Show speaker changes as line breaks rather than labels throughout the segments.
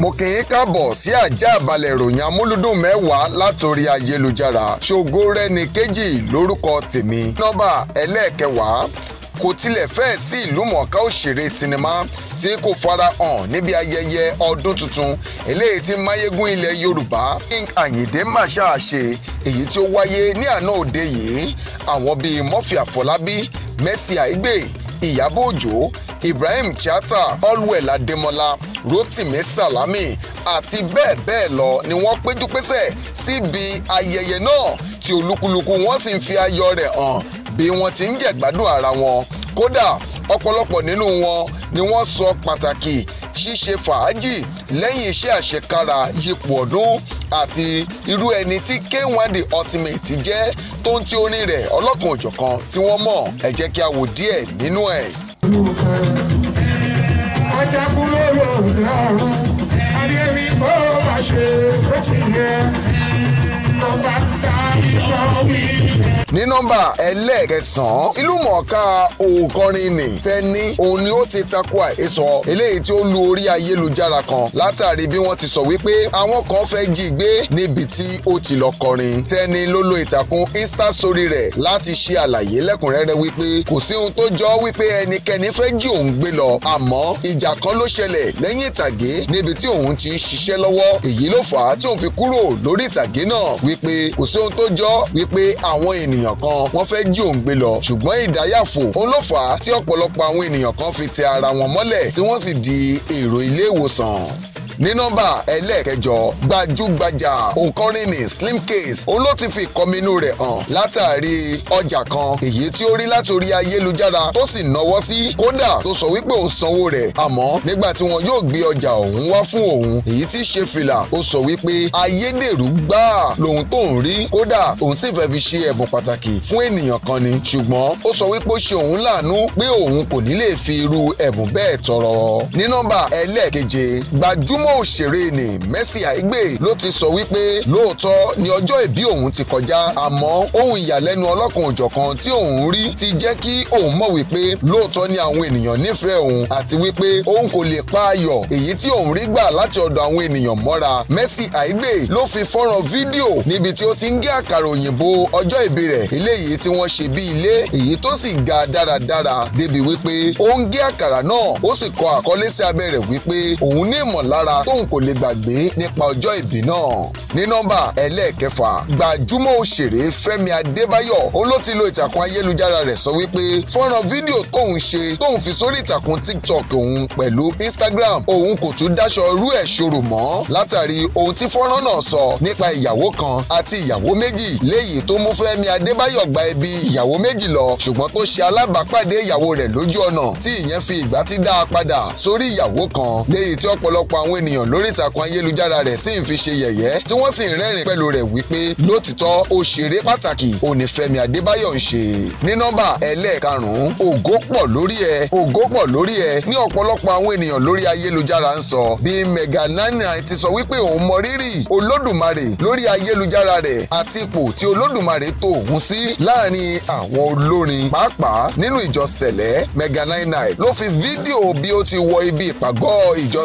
mo kì í káàbọ̀ sí àjà àbálẹ̀ ìròyìn amúlùdùn mẹ́wàá látòrí ayélujára ṣògo rẹni kejì lórúkọ tèmi nọ́mbà ẹlẹ́ẹ̀kẹwàá kò tilẹ̀ fẹ́ sí ìlúmọ̀ọ́ká òṣèré sinimá tí kò fara hàn níbi ayẹyẹ ọdún tuntun eléyìí tí máyégún ilẹ̀ yorùbá king ayinde masha ṣe èyí tí ó wáyé ní àná òde yìí àwọn bíi murphy àfọlábí mercy aigbe ìyábọ̀ òjó ibrahim chata olwell adémọlá rotimi salami àti bẹ́ẹ̀ bẹ́ẹ̀ lọ ni wọ́n péjú pésẹ̀ síbi ayẹyẹ náà tí olúkúlùkù wọn sì ń fi ayọ̀ rẹ̀ hàn bí wọ́n ti ń jẹ̀gbádùn ara wọn kódà ọ̀pọ̀lọpọ̀ nínú wọn ni wọ́n sọ pàtàkì ṣíṣe fàájì lẹ́yìn iṣẹ́ àṣekára yípo ọdún àti irú ẹni tí K1 The Ultimate jẹ́ tó ń ti orin rẹ̀ ọlọ́kan òjọ̀kan tí wọ́n mọ̀ ẹ kí a wò díẹ̀ nínú ẹ̀ jákú lórí òun ọ̀run adémi bó bá ṣe ó ti yẹ. ọba ta ìjọ ní nọ́mbà ẹlẹ́ẹ̀kẹsàn-án ìlúmọ̀ọ́ká òǹkọrin nì tẹ́ni òun ni ó ti takò àhesọ eléyìí tí ó lu orí ayélujára kan látàrí bí wọ́n ti sọ wípé àwọn kan fẹ́ jí gbé níbi tí ó ti lọ kọrin tẹ́ni ló lo ìtàkùn insta story rẹ̀ láti ṣe àlàyé lẹ́kùnrẹ́rẹ́ wípé kò sí ohun tó jọ wípé ẹnikẹ́ni fẹ́ jí òun gbé lọ àmọ́ ìjà kan ló ṣẹlẹ̀ lẹ́yìn ìtàgé níbi tí òun ti ń ṣiṣẹ́ lọ́wọ́ èyí ló fà á tí òun fi kúrò lórí ìtàgé náà wípé kò sí ohun tó jọ wípé àwọn ènìyàn ènìyàn kan wọ́n fẹ́ jí òun gbé lọ ṣùgbọ́n ìdáyàfò òun ló fà á tí ọ̀pọ̀lọpọ̀ àwọn ènìyàn kan fi ti ara wọn mọ́lẹ̀ tí wọ́n sì di èrò ilé ìwòsàn ní nọ́mbà ẹlẹ́ẹ̀kẹjọ gbajúgbajà òǹkọrin ní slim case òun ló ti fi ìkọminú rẹ̀ hàn látàrí ọjà kan èyí tí ó rí látòrí ayélujára tó sì náwó sí kódà tó sọ wípé òun sanwó rẹ̀ àmọ́ nígbà tí wọn yóò gbé ọjà òun wá fún òun èyí tí ṣe fìlà ó sọ wípé ayédèrú gbáà lòun tó ń rí kódà òun sì fẹ́ fi ṣe ẹ̀bùn pàtàkì fún ènìyàn kan ni ṣùgbọ́n ó sọ wípé ó ṣe òun láàánú pé òun kò ní lè fi irú ẹ̀bùn bẹ́ẹ̀ tọrọ ní nọ́mbà ẹlẹ́ẹ̀keje gbajúmọ̀ gbajúmọ̀ òṣèré ni Mercy Aigbe ló ti sọ wípé lóòótọ́ ni ọjọ́ ìbí òun ti kọjá àmọ́ ohun ìyàlẹ́nu ọlọ́kan òjọ̀kan tí òun rí ti jẹ́ kí òun mọ̀ wípé lóòótọ́ ni àwọn ènìyàn nífẹ̀ẹ́ òun àti wípé òun kò lè pa ayọ̀ èyí tí òun rí gbà láti ọ̀dọ̀ àwọn ènìyàn mọ́ra Mercy Aigbe ló fi fọ́nrán fídíò níbi tí ó ti ń gé àkàrà òyìnbó ọjọ́ ìbí rẹ̀ eléyìí tí wọ́n ṣe bí ilé èyí tó sì ga dáradára débi wípé ó ń gé àkàrà náà ó sì kọ àkọlé sí abẹ́ wípé òun ní ìmọ̀lára tóun kò lè gbàgbé nípa ọjọ́ ìbí náà ní nọ́mbà ẹlẹ́ẹ̀kẹfà gbajúmọ̀ òṣèré Fẹ́mi Adébáyọ̀ olóòtí lo ìtàkùn ayélujára rẹ̀ sọ wípé fọ́nrán fídíò tóun ṣe tóun fi sórí ìtàkùn TikTok òun pẹ̀lú Instagram òun kò tún dáṣọ rú ẹ̀ ṣòro mọ́ látàrí ohun tí fọ́nrán náà sọ nípa ìyàwó kan àti ìyàwó méjì léyìí tó mú Fẹ́mi Adébáyọ̀ gba ibi ìyàwó méjì lọ ṣùgbọ́n tó ṣe alábàápàdé ìyàwó rẹ̀ lójú ọ̀nà tí ìyẹn fi ìgbà tí dáa padà sórí ìyàwó kan léyìí tí ọ̀pọ̀lọpọ̀ àwọn ènìyàn lórí ìtàkùn ayélujára rẹ̀ sì ń fi ṣe yẹ̀yẹ́ tí wọ́n sì ń rẹ́rìn pẹ̀lú rẹ̀ wípé lótìtọ́ òṣèré pàtàkì òní Fẹ́mi Adébáyọ̀ ń ṣe ní nọ́mbà ẹlẹ́ẹ̀karùn-ún ògo pọ̀ lórí ẹ ògo pọ̀ lórí ẹ ní ọ̀pọ̀lọpọ̀ àwọn ènìyàn lórí ayélujára ń sọ bí Mega 99 ti sọ wípé òun mọ rírì Olódùmarè lórí ayélujára rẹ̀ àti ipò tí Olódùmarè tó òun sí láàrin àwọn olórin pàápàá nínú ìjọ Sẹ̀lẹ́ Mega 99 ló fi fídíò bí ó ti wọ ibi ìpàgọ́ ìjọ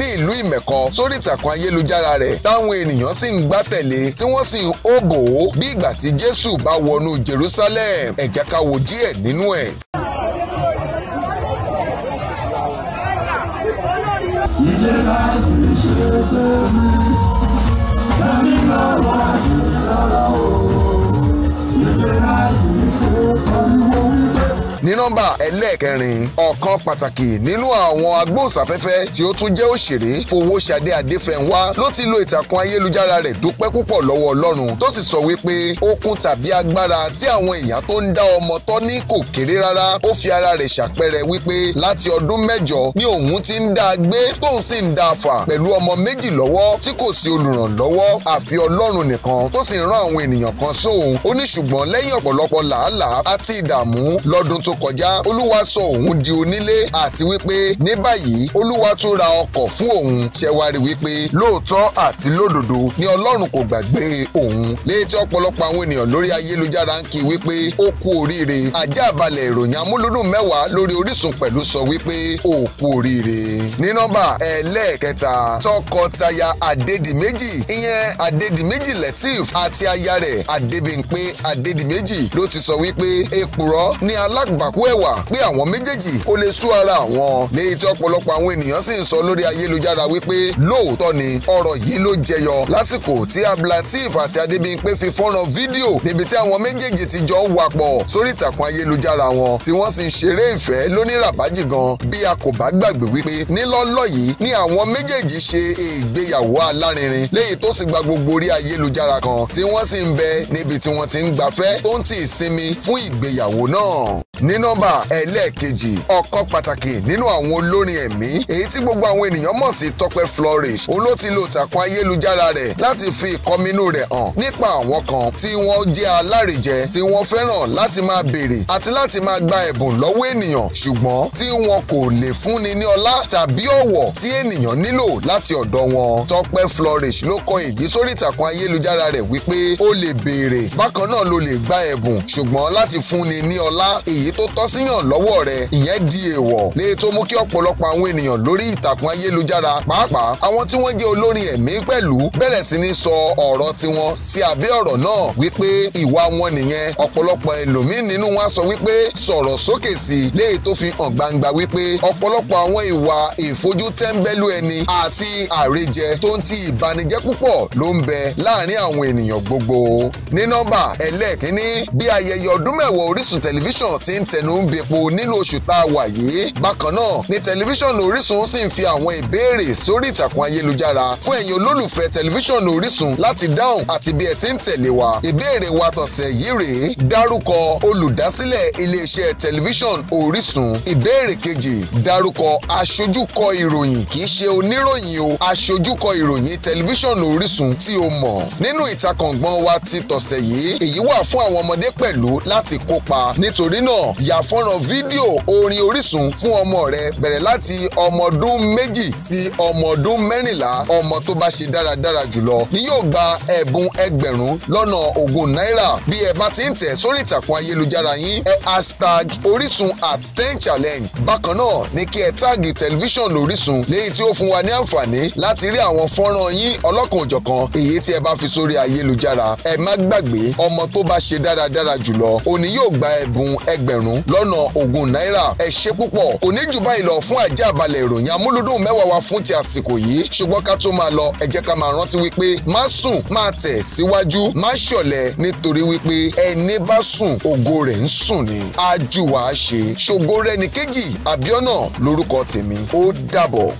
ní ìlú ìm mẹ̀kọ sórí ìtàkùn ayélujára rẹ̀ táwọn ènìyàn sì ń gbá tẹ̀lé tí wọ́n sì ń hó bò ó bí ìgbà tí Jésù bá wọnú Jerusalem ẹ jẹ́ ká wo díẹ̀ nínú ẹ̀. ìlera kìí ṣe tèmi ẹni náà wà o ìlera kìí ṣe tèmi ní nọ́mbà ẹlẹ́ẹ̀kẹrin ọ̀kan pàtàkì nínú àwọn agbóhùnsáfẹ́fẹ́ tí ó tún jẹ́ òṣèré Fowóṣadé Adéfẹ́nwá ló ti lo ìtàkùn ayélujára rẹ̀ dúpẹ́ púpọ̀ lọ́wọ́ Ọlọ́run tó sì sọ wípé okun tàbí agbára tí àwọn èèyàn tó ń dá ọmọ tọ́ ní kò kéré rárá ó fi ara rẹ̀ ṣàpẹẹrẹ wípé láti ọdún mẹ́jọ ni òun ti ń dá a gbé tóun sì ń dá a fà pẹ̀lú ọmọ méjì lọ́wọ́ tí kò sí olùrànlọ́wọ́ àfi Ọlọ́run nìkan tó sì ń rán àwọn ènìyàn kan sóhun ó ní ṣùgbọ́n lẹ́yìn ọ̀pọ̀lọpọ̀ làálàá àti ìdààmú lọ́dún tó kọjá olúwa sọ òun di onílé àti wípé ní báyìí olúwa tún ra ọkọ̀ fún òun ṣẹwari wípé lóòótọ́ àti lódodo ni ọlọ́run kò gbàgbé òun létí ọ̀pọ̀lọpọ̀ àwọn ènìyàn lórí ayélujára ń kí wípé ó kú oríire ajá àbálẹ̀ ìròyìn amúlùdùn mẹ́wàá lórí Orísun pẹ̀lú sọ wípé ó kú oríire ní nọ́mbà ẹlẹ́ẹ̀kẹta tọkọtaya Adédìméjì ìyẹn Adédìméjì Lateef àti aya rẹ̀ Adébímpé Adédìméjì ló ti sọ wípé èpùrọ́ ni alágbà pàkó ẹ̀wà pé àwọn méjèèjì kò lè sú ara àwọn léyìí tí ọ̀pọ̀lọpọ̀ àwọn ènìyàn sì ń sọ lórí ayélujára wípé lóòótọ́ ni ọ̀rọ̀ yìí ló jẹyọ lásìkò tí Ablatif àti Adébíyìnpé fi fọ́nrán fídíò níbi tí àwọn méjèèjì ti jọ ń wapọ̀ sórí ìtàkùn ayélujára wọn tí wọ́n sì ń ṣeré ìfẹ́ lóníràbájì gan bí a kò bá gbàgbé wípé nílọ́lọ́ yìí ni àwọn méjèèjì ṣe ìgbéyàwó alárinrin léyìí tó sì gba gbogbo orí ayélujára kan tí wọ́n sì ń bẹ níbi tí wọ́n ti ń gbafẹ́ tó ń ti ìsinmi fún ìgbéyàwó náà ní nọ́mbà ẹlẹ́ẹ̀kejì ọ̀kan pàtàkì nínú àwọn olórin ẹ̀mí èyí tí gbogbo àwọn ènìyàn mọ̀ sí Tọ́pẹ́ Flourish òun ló ti lo ìtàkùn ayélujára rẹ̀ láti fi ìkọminú rẹ̀ hàn nípa àwọn kan tí wọ́n jẹ́ alárìíjẹ tí wọ́n fẹ́ràn láti máa béèrè àti láti máa gba ẹ̀bùn lọ́wọ́ ènìyàn ṣùgbọ́n tí wọn kò lè fúnni ní ọlá tàbí ọ̀wọ̀ tí ènìyàn nílò láti ọ̀dọ̀ wọn Tọ́pẹ́ Flourish ló kọ èyí sórí ìtàkùn ayélujára rẹ̀ wípé o lè béèrè bákan náà lo lè gba ẹ̀bùn ṣùgbọ́n láti fúnni ní ọlá èyí èyí tó tọ́ síyàn lọ́wọ́ rẹ̀ ìyẹn di èèwọ̀ lè tó mú kí ọ̀pọ̀lọpọ̀ àwọn ènìyàn lórí ìtàkùn ayélujára pàápàá àwọn tí wọ́n jẹ́ olórin ẹ̀mí pẹ̀lú bẹ̀rẹ̀ sí ní sọ ọ̀rọ̀ tiwọn sí abẹ́ ọ̀rọ̀ náà wípé ìwà wọn nìyẹn ọ̀pọ̀lọpọ̀ ẹlòmíín nínú wọn sọ wípé sọ̀rọ̀ sókè sí lè tó fi hàn gbangba wípé ọ̀pọ̀lọpọ̀ àwọn ìwà ìfojú ń tẹnu ń bepo nínú oṣù tá a wà yìí bákan náà ni tẹlifíṣàn Orísun sì ń fi àwọn ìbéèrè sórí ìtàkùn ayélujára fún ẹ̀yin olólùfẹ́ tẹlifíṣàn Orísun láti dáhùn àti bí ẹ ti ń tẹ̀lé wa ìbéèrè wa tọ̀sẹ̀ yìí rèé dárúkọ olùdásílẹ̀ iléeṣẹ́ tẹlifíṣàn Orísun ìbéèrè kejì dárúkọ aṣojúkọ ìròyìn kì í ṣe oníròyìn o aṣojúkọ ìròyìn tẹlifíṣàn Orísun tí o mọ̀ nínú ìtakọ̀ngbọ̀n wa ti tọ̀sẹ̀ yìí èyí wà fún àwọn ọmọdé pẹ̀lú láti kópa nítorí náà náà yà fọ́nrán fídíò orin Orísun fún ọmọ rẹ bẹ̀rẹ̀ láti ọmọ ọdún méjì sí ọmọ ọdún mẹ́rìnlá ọmọ tó bá ṣe dáradára jùlọ ni yóò gba ẹ̀bùn ẹgbẹ̀rún lọ́nà ogún náírà bí ẹ bá ti ń tẹ̀ sórí ìtàkùn ayélujára yín ẹ hashtag Orísun at ten challenge bákan náà ni kí ẹ táàgì tẹlifíṣàn lórísun léyìí tí ó fún wa ní àǹfààní láti rí àwọn fọ́nrán yín ọlọ́kan òjọ̀kan èyí tí ẹ bá fi sórí ayélujára ẹ má gbàgbé ọmọ tó bá ṣe dáradára jùlọ òní yóò gba ẹ̀bùn ẹgbẹ̀rún lọ́nà ogún náírà ẹ ṣe púpọ̀ kò ní jù báyìí lọ fún àjẹ́ àbálẹ̀ ìròyìn amúlúdùn mẹ́wàá wa fún ti àsìkò yìí ṣùgbọ́n ká tó máa lọ ẹ jẹ́ ká máa rántí wípé má sùn má tẹ̀ síwájú má ṣọ̀lẹ nítorí wípé ẹni bá sùn ògo rẹ̀ ń sùn ni ájú wàá ṣe ṣògo rẹ̀ ní kejì àbíọ́nà lórúkọ tèmi ó dàbọ̀.